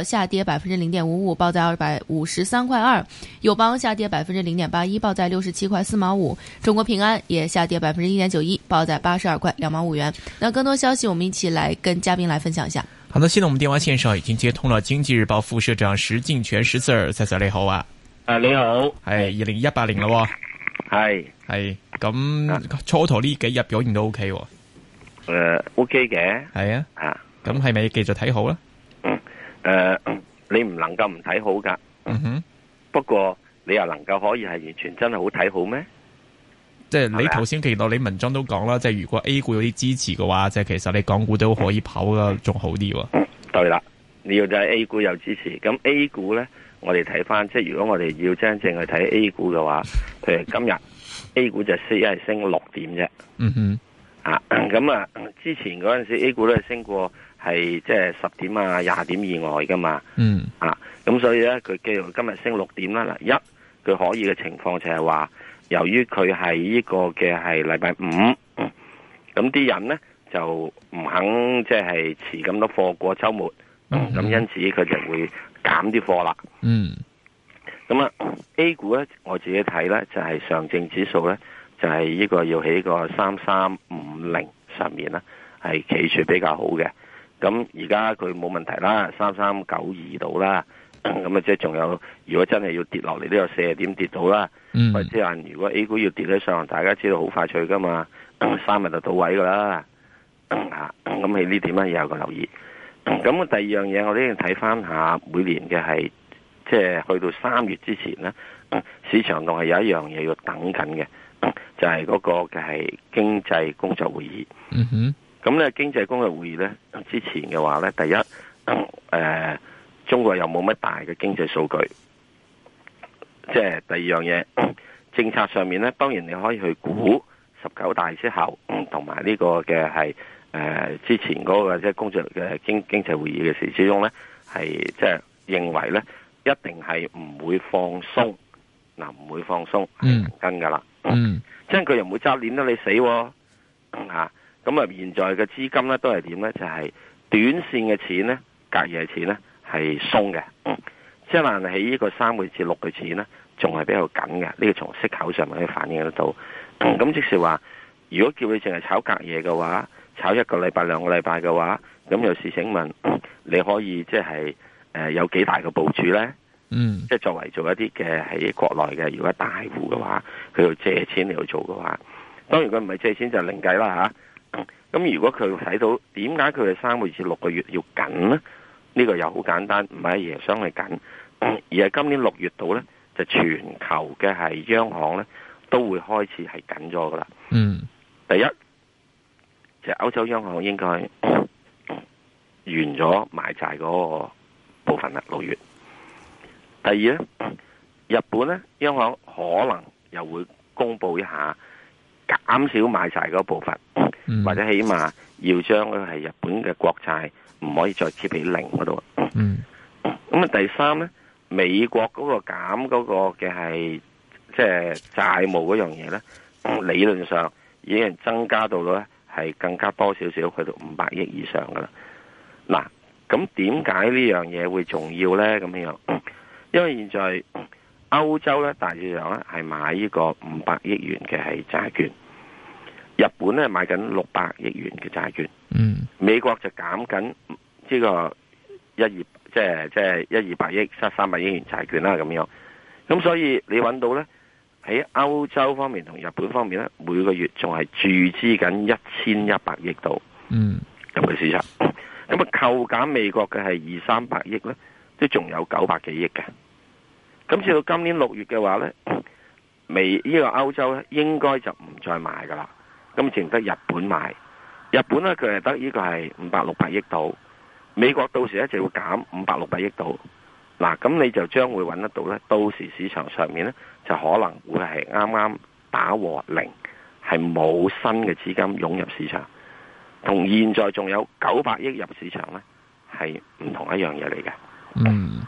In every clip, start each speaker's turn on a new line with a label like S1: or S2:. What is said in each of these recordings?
S1: 下跌百分之零點五五，報在二百五十三塊二；友邦下跌百分之零點八一，報在六十七塊四毛五；中國平安也下跌百分之一點九一，報在八十二塊兩毛五元。那更多消息，我們一起來跟嘉賓來分享一下。
S2: 好的，現在我們電話線上已經接通了經濟日報副社長石鏡泉石 Sir，石 Sir，Sir 你好啊！啊，你好，係二零一八年了，係，係咁初頭呢幾日表現都 OK，呃 OK 嘅，係啊，咁係咪繼續睇好啦？
S3: 誒、呃，你唔能夠唔睇好噶，嗯哼。不過你又能夠可以係完全真係好睇好咩？即係
S2: 你頭先提到你文章都講啦，即、就、係、是、如果 A 股有啲支持嘅話，即、就、係、是、其實你港股都可以跑嘅，仲、嗯、哼好啲。
S3: 對啦，你要就係 A 股有支持。咁 A 股咧，我哋睇翻，即係如果我哋要真正去睇 A 股嘅話，譬如今日 A 股就四一升六點啫、
S4: 嗯
S3: 哼啊。嗯哼，啊，咁啊。之前嗰陣時 A 股咧，升過係即係十點啊廿點以外噶嘛，嗯啊，咁所以咧佢繼續今日升六點啦，嗱一佢可以嘅情況就係話，由於佢係呢個嘅係禮拜五，咁啲人咧就唔肯即係持咁多貨過周末，
S4: 咁、嗯嗯、因
S3: 此佢就會減啲貨啦，嗯，咁、嗯、啊 A 股咧我自己睇咧就係、是、上證指數咧就係、是、呢個要起個三三五零。上面啦，係企住比較好嘅。咁而家佢冇問題啦，三三九二度啦。咁啊，即係仲有，如果真係要跌落嚟，都有四十點跌到啦。或者啊，如果 A 股要跌得上，大家知道好快脆噶嘛， 三日就到位噶啦。嚇，咁喺呢點咧、啊、有個留意。咁啊， 第二樣嘢我都要睇翻下每年嘅係，即、就、係、是、去到三月之前咧、嗯，市場仲係有一樣嘢要等緊嘅。就係嗰個嘅係經濟工作會議，咁咧、嗯、哼經濟工作會議咧之前嘅話咧，第一，誒、呃，中國又冇乜大嘅經濟數據，即係第二樣嘢，政策上面咧，當然你可以去估、嗯、十九大之後，同埋呢個嘅係誒之前嗰個即係工作嘅經經濟會議嘅時始終咧係即係認為咧一定係唔會放鬆。嗱，唔、啊、會放鬆，係恒、嗯、跟噶啦、嗯啊啊就是。嗯，即係佢又唔會揸鏈到你死。吓，咁啊，現在嘅資金咧都係點咧？就係短線嘅錢咧，隔夜錢咧係鬆嘅。即係話喺呢個三月至六嘅錢咧，仲係比較緊嘅。呢、這個從息口上面可以反映得到。咁、嗯嗯、即是話，如果叫你淨係炒隔夜嘅話，炒一個禮拜、兩個禮拜嘅話，咁有時請問，你可以即係誒、呃、有幾大嘅部署咧？嗯，即係作為做一啲嘅喺國內嘅，如果係大戶嘅話，佢要借錢嚟去做嘅話，當然佢唔係借錢就另計啦吓。咁、啊嗯、如果佢睇到點解佢嘅三個月至六個月要緊呢呢、這個又好簡單，唔係耶商嚟緊、嗯，而係今年六月度呢就全球嘅係央行呢都會開始係緊咗噶啦。嗯，第一就歐、是、洲央行應該完咗埋債嗰個部分啦，六月。第二咧，日本咧央行可能又會公布一下減少買晒嗰部分，嗯、或者起碼要將佢個係日本嘅國債唔可以再切俾零嗰度。咁啊、嗯，第三咧，美國嗰個減嗰個嘅係即係債務嗰樣嘢咧、嗯，理論上已經增加到咗係更加多少少去到五百億以上噶啦。嗱，咁點解呢樣嘢會重要咧？咁樣？因為現在歐洲咧，大約咧係買呢個五百億元嘅係債券，日本咧買緊六百億元嘅債券，嗯，美國就減緊呢個一二，即係即係一二百億、三三百億元債券啦咁樣。咁所以你揾到咧，喺歐洲方面同日本方面咧，每個月仲係注資緊一千一百億度，嗯，咁嘅市場。咁啊，扣減美國嘅係二三百億咧，都仲有九百幾億嘅。咁至到今年六月嘅話呢，未呢個歐洲呢應該就唔再買噶啦。咁剩得日本買，日本呢，佢係得呢個係五百六百億度，美國到時呢就會減五百六百億度。嗱，咁你就將會揾得到呢，到時市場上面呢，就可能會係啱啱打和零，係冇新嘅資金湧入市場，同現在仲有九百億入市場呢，係唔同一樣嘢嚟嘅。嗯。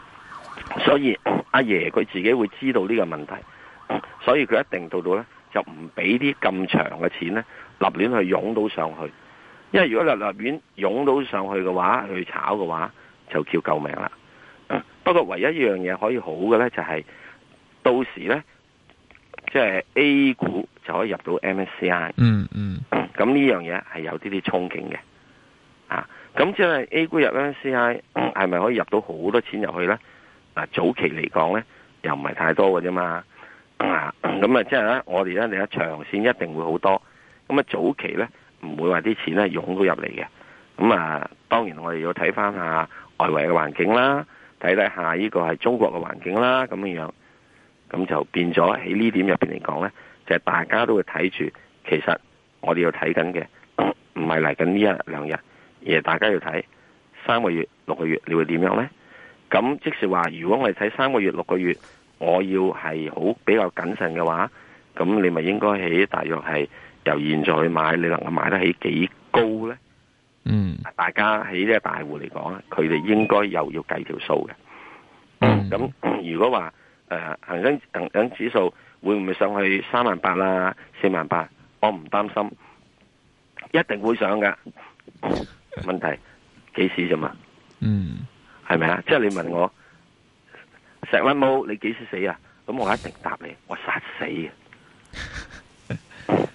S3: 所以阿爺佢自己會知道呢個問題，所以佢一定到到呢，就唔俾啲咁長嘅錢呢立亂去湧到上去。因為如果立立亂湧到上去嘅話，去炒嘅話就叫救命啦。不過唯一一樣嘢可以好嘅呢，就係到時呢，即係 A 股就可以入到 MSCI。嗯。嗯嗯，咁呢樣嘢係有啲啲憧憬嘅。啊，咁即係 A 股入 MSCI，係咪可以入到好多錢入去呢？啊，早期嚟講咧，又唔係太多嘅啫嘛。咁啊，即係咧，我哋咧，你一長線一定會好多。咁啊，早期咧唔會話啲錢咧湧到入嚟嘅。咁啊，當然我哋要睇翻下外圍嘅環境啦，睇睇下呢個係中國嘅環境啦，咁樣樣。咁就變咗喺呢點入邊嚟講咧，就係大家都會睇住。其實我哋要睇緊嘅，唔係嚟緊呢一兩日，而係大家要睇三個月、六個月，你會點樣咧？咁即係話，如果我係睇三個月、六個月，我要係好比較謹慎嘅話，咁你咪應該喺大約係由現在去買，你能夠買得起幾高呢？嗯，大家喺呢個大戶嚟講咧，佢哋應該又要計條數嘅。咁、嗯、如果話誒恒生、恒生指數會唔會上去三萬八啦、四萬八？我唔擔心，一定會上㗎。問題幾時啫嘛？嗯。係咪啊？即係你問我石鏡泉，你幾時死啊？咁我一定答你，我殺死嘅，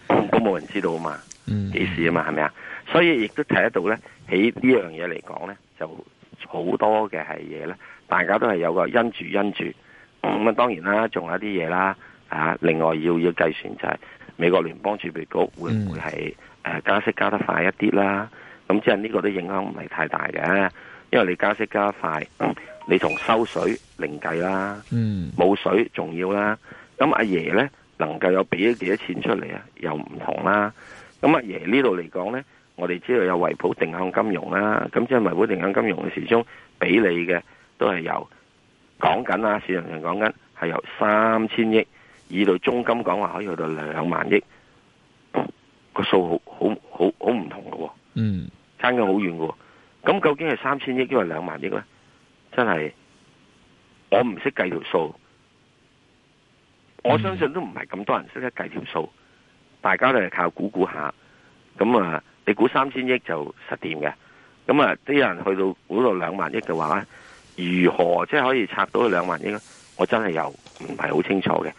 S3: 都冇人知道啊嘛，幾時啊嘛，係咪啊？所以亦都睇得到咧，喺呢樣嘢嚟講咧，就好多嘅係嘢咧，大家都係有個因住因住咁啊。當然啦，仲有一啲嘢啦啊。另外要要計算就係美國聯邦儲備局會唔會係誒、呃、加息加得快一啲啦？咁即係呢個都影響唔係太大嘅。因為你加息加快，你同收水零計啦，冇、嗯、水重要啦。咁阿爺咧能夠有俾咗幾多錢出嚟啊？又唔同啦。咁阿爺呢度嚟講咧，我哋知道有維普定向金融啦。咁即係維普定向金融嘅始終比你嘅都係由講緊啦，市場上講緊係由三千億，以到中金講話可以去到兩萬億，個數好好好好唔同嘅喎、喔，嗯，差嘅好遠嘅。咁究竟係三千億抑或兩萬億咧？真係我唔識計條數，我相信都唔係咁多人識得計條數，大家都係靠估估下。咁啊，你估三千億就實掂嘅。咁啊，啲人去到估到兩萬億嘅話咧，如何即係、就是、可以拆到兩萬億咧？我真係又唔係好清楚嘅。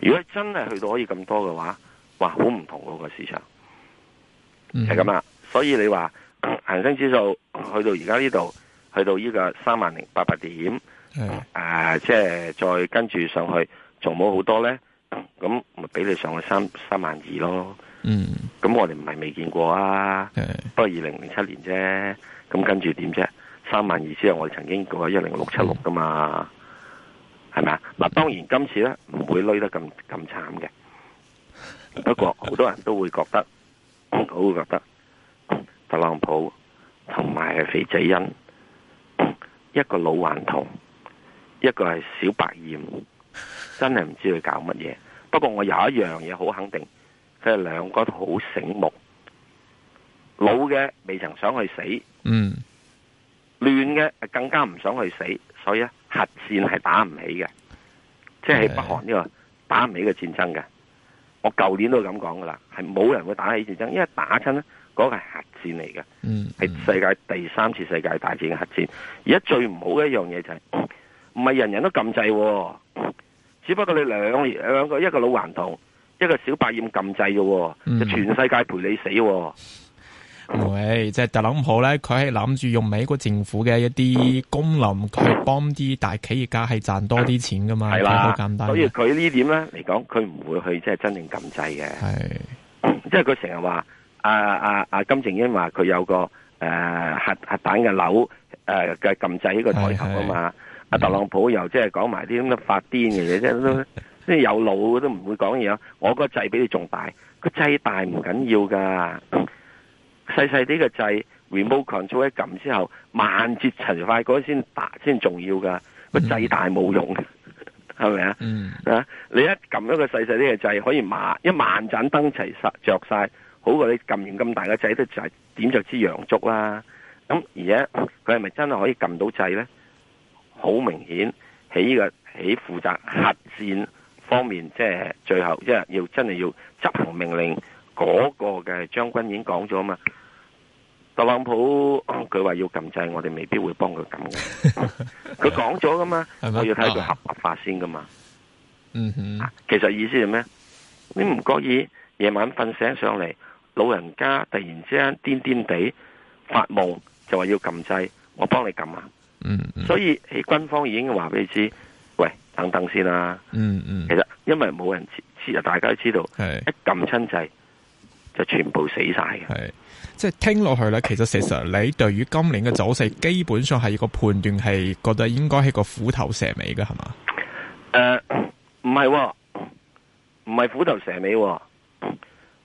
S3: 如果真係去到可以咁多嘅話，哇，好唔同嗰個市場，係咁啊。所以你話。恆生指數去到而家呢度，去到依個三萬零八百點，誒是、呃，即係再跟住上去，仲冇好多咧，咁咪俾你上去三三萬二咯，嗯，咁我哋唔係未見過啊，不過二零零七年啫，咁跟住點啫？三萬二之後我哋曾經過一零六七六噶嘛，係咪啊？嗱，當然今、嗯、次咧唔會累得咁咁慘嘅，不過好多人都會覺得，我、啊啊、 會覺得特朗普。同埋係肥仔欣，一個老頑童，一個係小白燕，真係唔知佢搞乜嘢。不過我有一樣嘢好肯定，佢係兩個都好醒目。老嘅未曾想去死，嗯，亂嘅更加唔想去死，所以核戰係打唔起嘅，即係北韓呢個打唔起嘅戰爭嘅。我舊年都咁講噶啦，係冇人會打起戰爭，因為打親咧。嗰個係核戰嚟嘅，係、嗯嗯、世界第三次世界大戰嘅核戰。而家最唔好嘅一樣嘢，就係唔係人人都㩒掣，只不過你兩兩個一個老頑童，一個小白燕㩒掣嘅，就全世界陪你死。喂、
S2: 嗯，即係、嗯就是、特朗普咧，佢係諗住用美國政府嘅一啲功能，去幫啲大企業家係賺多啲錢噶嘛，好的簡單。所以
S3: 佢呢點咧嚟講，佢唔會去即係、就是、真正㩒掣嘅，即係佢成日話。阿阿阿金正恩話佢有個誒核核彈嘅鈕誒嘅撳掣呢個台頭啊嘛，阿特朗普又即係講埋啲咁嘅發癲嘅嘢，即係即係有腦都唔會講嘢。我個掣比你仲大，個掣大唔緊要噶，細細啲嘅掣 remote control 一撳之後，萬箭齊快嗰先先重要噶，個掣大冇用，係咪啊？啊，你一撳一個細細啲嘅掣，可以萬一萬盞燈齊晒着晒。好過你撳完咁大個掣都就係點着支洋燭啦，啊！咁而家佢係咪真係可以撳到掣咧？好明顯喺呢個喺負責核戰方面，即係最後即係要真係要執行命令嗰，那個嘅將軍已經講咗啊嘛！特朗普佢話，嗯、要撳掣，我哋未必會幫佢撳。佢講咗噶嘛，我嗎要睇佢合，合法化先噶嘛。嗯哼，啊，其實意思係咩？你唔覺意夜晚瞓醒上嚟。老人家突然之間癲癲地發夢，就話要撳掣，我幫你撳啊、嗯。嗯，所以喺軍方已經話俾你知，喂，等等先啦、啊嗯。嗯嗯，其實因為冇人知，其實大家都知道，係，一撳親掣就全部死晒嘅。係，
S2: 即係聽落去咧，其實事實上你對於今年嘅走勢，基本上係一個判斷，係覺得應該係個虎頭蛇尾嘅，係嘛？
S3: 誒、呃，唔係，唔係虎頭蛇尾，我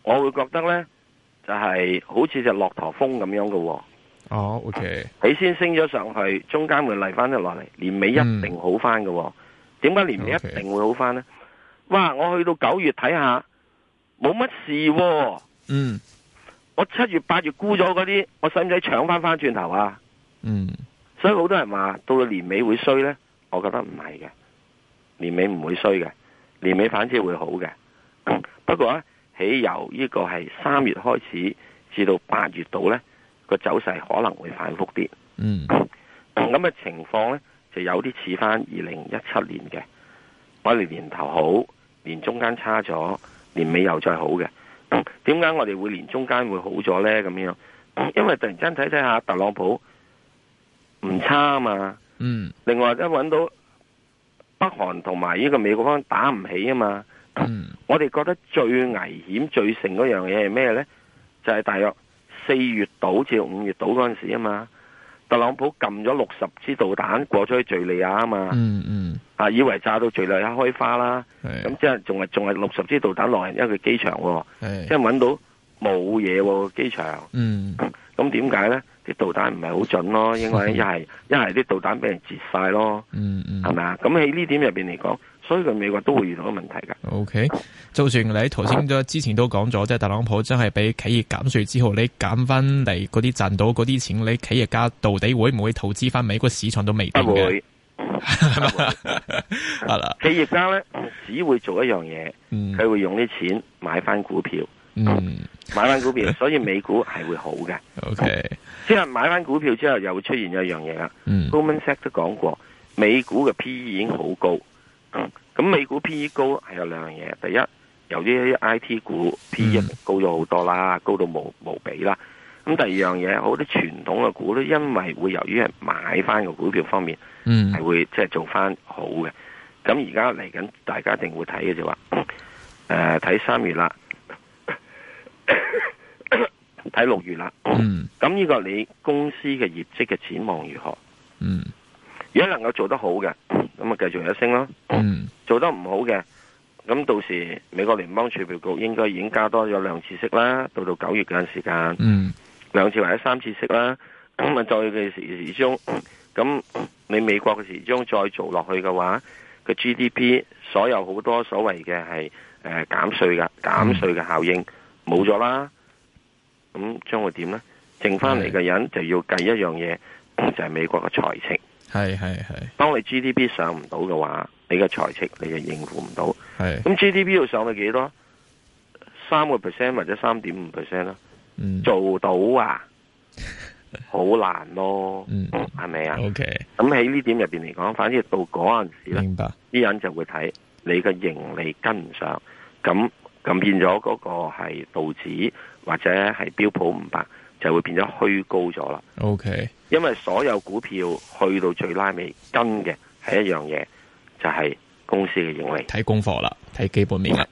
S3: 會覺得咧。就係好似隻駱駝峰咁樣嘅、哦，
S2: 哦、oh,，OK，
S3: 起先升咗上去，中間咪嚟翻咗落嚟，年尾一定好翻嘅、哦，點解、mm. 年尾一定會好翻呢？Okay. 哇，我去到九月睇下，冇乜事、哦，嗯， mm. 我七月八月沽咗嗰啲，我使唔使搶翻翻轉頭啊？嗯，mm. 所以好多人話到到年尾會衰呢？我覺得唔係嘅，年尾唔會衰嘅，年尾反之會好嘅， 不過咧、啊。起由呢個係三月開始至到八月度，呢個走勢可能會反覆啲。嗯，咁 嘅情況呢，就有啲似翻二零一七年嘅，我哋年頭好，年中間差咗，年尾又再好嘅。點解 我哋會年中間會好咗呢？咁樣，因為突然間睇睇下特朗普唔差啊嘛。嗯，另外一揾到北韓同埋呢個美國方打唔起啊嘛。嗯，我哋覺得最危險最成嗰樣嘢係咩咧？就係、是、大約四月到至五月到嗰陣時啊嘛，特朗普撳咗六十支導彈過咗去敘利亞啊嘛，嗯嗯，啊、嗯、以為炸到敘利亞開花啦，咁的即係仲係仲係六十支導彈落人因為佢機場，係即係搵到冇嘢機場，嗯，咁點解咧？啲導彈唔係好準咯，因為一係一係啲導彈俾人截晒咯，嗯嗯，係咪啊？咁喺呢點入邊嚟講。所以佢美國都會遇到個問題噶。
S2: OK，就算你頭先都之前都講咗，即係特朗普真係俾企業減稅之後，你減翻嚟嗰啲賺到嗰啲錢，你企業家到底會唔會投資翻美國市場都未定嘅。
S3: 唔會。係 企業家咧只會做一樣嘢，佢、嗯、會用啲錢買翻股票，
S2: 嗯，
S3: 買翻股票， 所以美股係會好嘅。O K，即係買翻股票之後又會出現一樣嘢啦。嗯 Goldman Sachs 都講過，美股嘅 P E 已經好高。咁、嗯、美股 PE 高係有兩樣嘢，第一由於 IT 股 PE 高咗好多啦，嗯、高到無無比啦。咁第二樣嘢，好啲傳統嘅股都，因為會由於係買翻個股票方面，嗯，係會即係做翻好嘅。咁而家嚟緊，大家一定會睇嘅就話，誒、呃，睇三月啦，睇六月啦。咁呢、嗯嗯、個你公司嘅業績嘅展望如何？嗯，如果能夠做得好嘅。咁啊，繼續一升咯。嗯、做得唔好嘅，咁到時美國聯邦儲備局應該已經加多咗兩次息啦。到到九月嗰陣時間，兩、嗯、次或者三次息啦。咁啊，再嘅時鐘，咁你美國嘅時鐘再做落去嘅話，個 GDP 所有好多所謂嘅係誒減稅噶減稅嘅效應冇咗啦。咁將會點咧？剩翻嚟嘅人就要計一樣嘢，是的就係美國嘅財情。
S2: 係係係，
S3: 當你 GDP 上唔到嘅話，你嘅財政你就應付唔到。
S4: 係
S2: 是，咁
S3: GDP 要上到幾多？三個 percent 或者三點五 percent 啦，啊嗯、做到啊，好 難咯，係咪、嗯嗯、啊？OK，咁喺呢點入邊嚟講，反而到嗰陣時咧，啲白人就會睇你嘅盈利跟唔上，咁咁變咗嗰個係道指或者係標普五百。就會變咗虛高咗啦。O Okay K，因為所有股票去到最拉尾跟嘅係一樣嘢，就係、是、公司嘅盈利。
S2: 睇功課啦，睇基本面啦。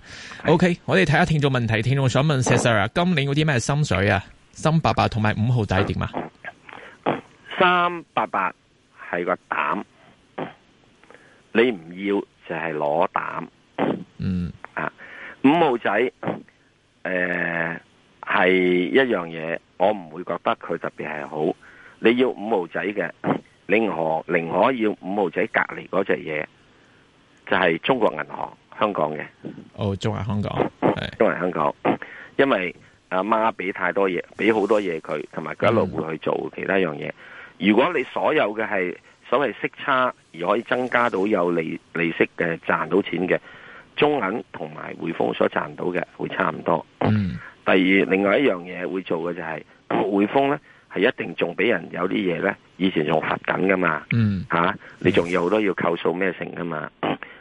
S2: O、okay, K，的我哋睇下聽眾問題。聽眾想問 Sara，的今年嗰啲咩心水啊？三八八同埋五號仔點啊？
S3: 三八八係個膽，你唔要就係攞膽。嗯啊，五號仔，誒、呃、係一樣嘢。我唔會覺得佢特別係好。你要五毫仔嘅，寧可寧可要五毫仔隔籬嗰隻嘢，就係、是、中國銀行香港嘅。
S2: 哦，中銀香港，係
S3: 中銀香港。因為阿媽俾太多嘢，俾好多嘢佢，同埋佢一路會去做，嗯，其他樣嘢。如果你所有嘅係所謂息差而可以增加到有利利息嘅賺到錢嘅，中銀同埋匯豐所賺到嘅會差唔多。嗯，第二，另外一樣嘢會做嘅就係、是。匯豐咧係一定仲俾人有啲嘢咧，以前仲罰緊噶嘛，吓、嗯啊、你仲有好多要扣數咩成噶嘛，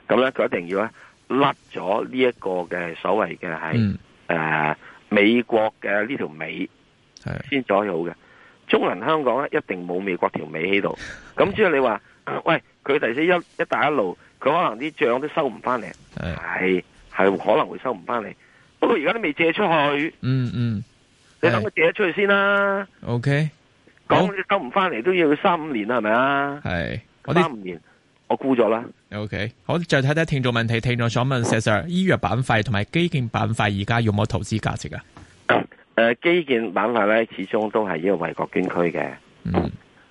S3: 咁咧佢一定要咧甩咗呢一個嘅所謂嘅係誒美國嘅呢條尾先可以好嘅。中銀香港咧一定冇美國條尾喺度，咁之後你話喂佢第時一一帶一路，佢可能啲賬都收唔翻嚟，係係的可能會收回收唔翻嚟，不過而家都未借出去，嗯嗯。嗯你等佢借咗出去先啦。OK，講收唔翻嚟都要三五年啦，係咪啊？係，三五年我估咗啦。OK，
S2: 好，再睇睇聽眾問題。聽眾想問石 Sir，醫藥板塊同埋基建板塊而家有冇投資價值啊？
S3: 誒，基建板塊咧始終都係個為國捐區嘅。嗯，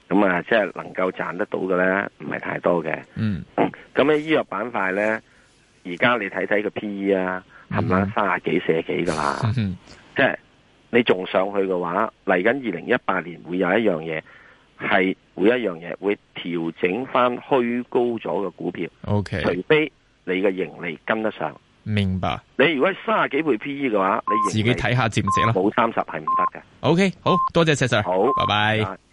S3: 咁啊，即係能夠賺得到嘅咧，唔係太多嘅。嗯，咁咧醫藥板塊咧，而家你睇睇個 P E 啊，係咪三十幾、四幾噶啦？嗯，即係。你仲上去嘅話，嚟緊二零一八年會有一樣嘢，係會一樣嘢會調整翻虛高咗嘅股票。O K，除非你嘅盈利跟得上。明白。你如果三十幾倍 P E 嘅話，你自己睇下接唔接啦。冇三十係唔得
S4: 嘅。O K，好多謝石 Sir，好， bye bye 拜拜。